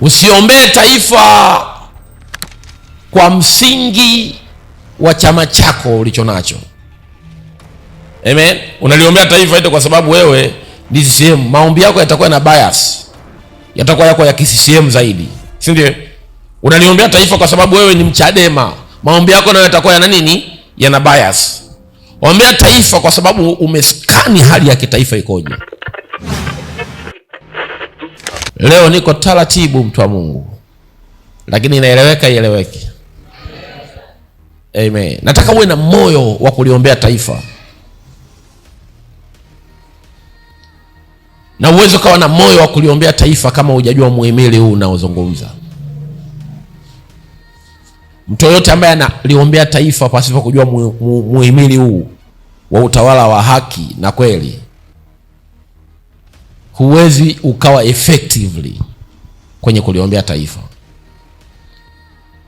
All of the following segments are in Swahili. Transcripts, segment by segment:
Usiombee taifa kwa msingi wa chama chako ulicho nacho. Amen. Unaliombea taifa ito kwa sababu wewe ni CCM. Maombi yako yatakuwa na bias, yatakuwa yako ya kiCCM zaidi, si ndio? Unaliombea taifa kwa sababu wewe ni Mchadema, maombi yako nayo yatakuwa yana nini? Yana bias. Ombea taifa kwa sababu umeskani hali ya kitaifa ikoje. Leo niko taratibu, mtu wa Mungu, lakini inaeleweka, ieleweke. Amen. Nataka uwe na moyo wa kuliombea taifa na uwezo ukawa na moyo wa kuliombea taifa kama hujajua muhimili huu unaozungumza. Mtu yoyote ambaye analiombea taifa pasipo kujua muhimili huu wa utawala wa haki na kweli huwezi ukawa effectively kwenye kuliombea taifa,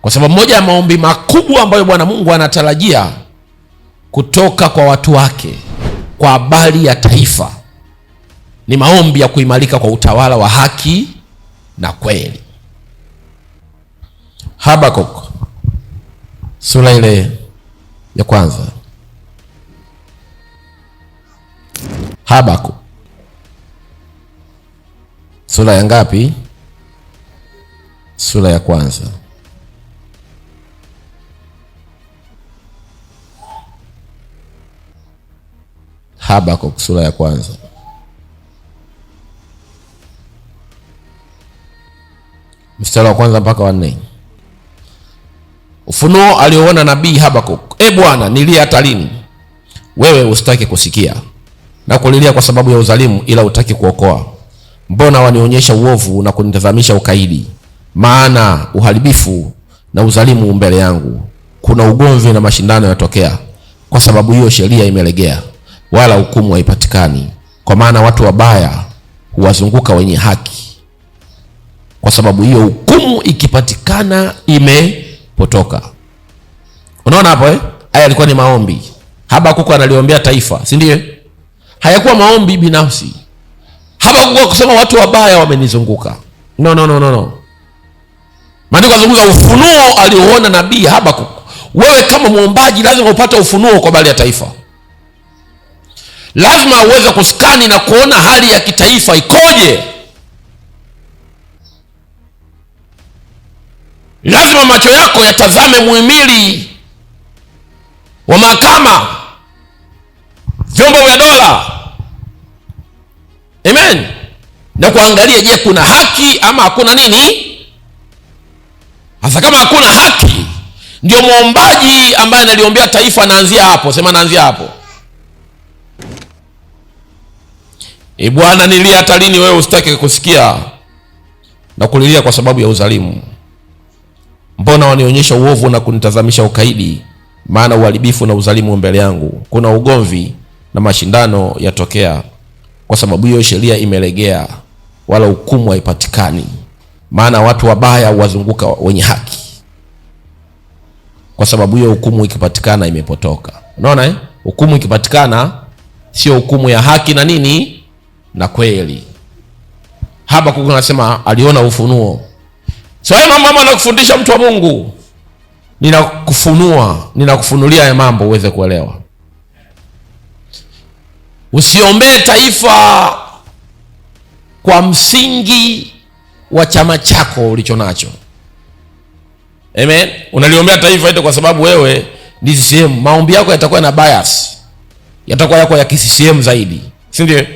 kwa sababu moja ya maombi makubwa ambayo Bwana Mungu anatarajia kutoka kwa watu wake kwa habari ya taifa ni maombi ya kuimarika kwa utawala wa haki na kweli. Habakuk sura ile ya kwanza. Habakuk Sura ya ngapi? Sura ya kwanza. Habakuki sura ya kwanza. Mstari wa kwanza mpaka wa nne. Ufunuo alioona nabii Habakuk. E Bwana, nilia hata lini? Wewe usitaki kusikia na kulilia kwa sababu ya uzalimu, ila utaki kuokoa mbona wanionyesha uovu na kunitazamisha ukaidi? Maana uharibifu na uzalimu mbele yangu, kuna ugomvi na mashindano yatokea. Kwa sababu hiyo sheria imelegea, wala hukumu haipatikani. Kwa maana watu wabaya huwazunguka wenye haki, kwa sababu hiyo hukumu ikipatikana imepotoka. Unaona hapo eh? Haya yalikuwa ni maombi Habakuku analiombea taifa, si ndiyo? Hayakuwa maombi binafsi hapa kusema watu wabaya wamenizunguka. No, no, no, no, no. Maandiko yanazungumza ufunuo aliouona nabii Habakuku. Wewe kama mwombaji lazima upate ufunuo kwa bali ya taifa, lazima uweze kuskani na kuona hali ya kitaifa ikoje. Lazima macho yako yatazame muhimili wa mahakama, vyombo vya dola na kuangalia, je, kuna haki ama hakuna nini? Hasa kama hakuna haki, ndio mwombaji ambaye analiombea taifa anaanzia hapo. Sema naanzia hapo. E Bwana, nilia hata lini? Wewe usitake kusikia na kulilia kwa sababu ya uzalimu Mbona wanionyesha uovu na kunitazamisha ukaidi? Maana uharibifu na uzalimu mbele yangu, kuna ugomvi na mashindano yatokea. Kwa sababu hiyo sheria imelegea wala hukumu haipatikani, maana watu wabaya huwazunguka wenye haki. Kwa sababu hiyo hukumu ikipatikana imepotoka. Unaona eh? Hukumu ikipatikana sio hukumu ya haki na nini na kweli. Habakuku anasema aliona ufunuo. So hayo mambo ambayo nakufundisha mtu wa Mungu, ninakufunua, ninakufunulia haya mambo uweze kuelewa. Usiombee taifa kwa msingi wa chama chako ulicho nacho. Amen. Unaliombea taifa ito kwa sababu wewe ni CCM. Maombi yako yatakuwa na bias, yatakuwa yako ya CCM zaidi, si ndio?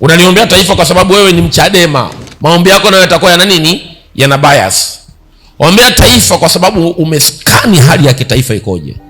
Unaliombea taifa kwa sababu wewe ni Mchadema, maombi yako nayo yatakuwa yana nini? Yana bias. Ombea taifa kwa sababu umeskani hali ya kitaifa ikoje.